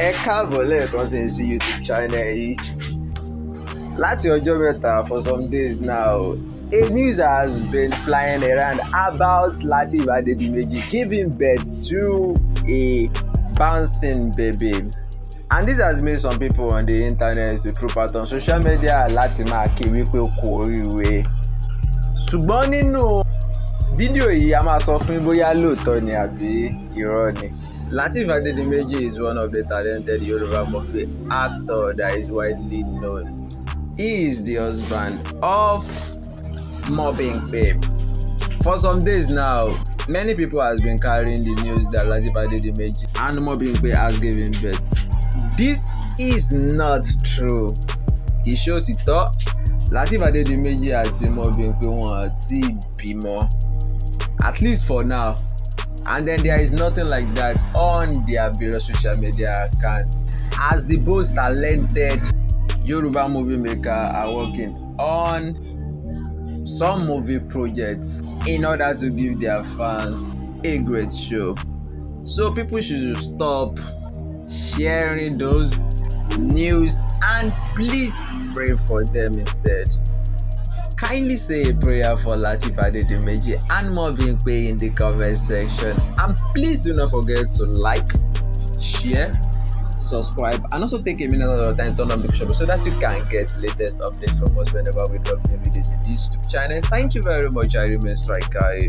ẹ káàbọ̀ lẹ́ẹ̀kan sí sí youtube channel yìí láti ọjọ́ mẹ́ta for some days now a news has been flying around about Lateef Adedimeji giving birth to a bouncing baby and this has made some people on the internet to throw out social media láti máa ké wípé kò ríwe ṣùgbọ́n nínú fídíò yìí a máa sọ fún bóyá lóòótọ́ ni àbí irọ́ ni. Latif Adedimeji is one of the talented Yoruba movie actor that is widely known. He is the husband of Mobbing Babe. For some days now, many people has been carrying the news that Latif Adedimeji and Mobbing Babe has given birth. This is not true. He showed Ìṣó òtítọ́ Lateef Adedimeji àti Mobbing Babe wọn àti bímọ at least for now and then there is nothing like that on their various social media accounts as the most talented Yoruba movie maker are working on some movie projects in order to give their fans a great show so people should stop sharing those news and please pray for them instead kindly say a prayer for Latif Demeji and more being in the comment section. And please do not forget to like, share, subscribe, and also take a minute of your time to turn on the notification so that you can get latest updates from us whenever we drop new videos in this YouTube channel. Thank you very much. I remain striker.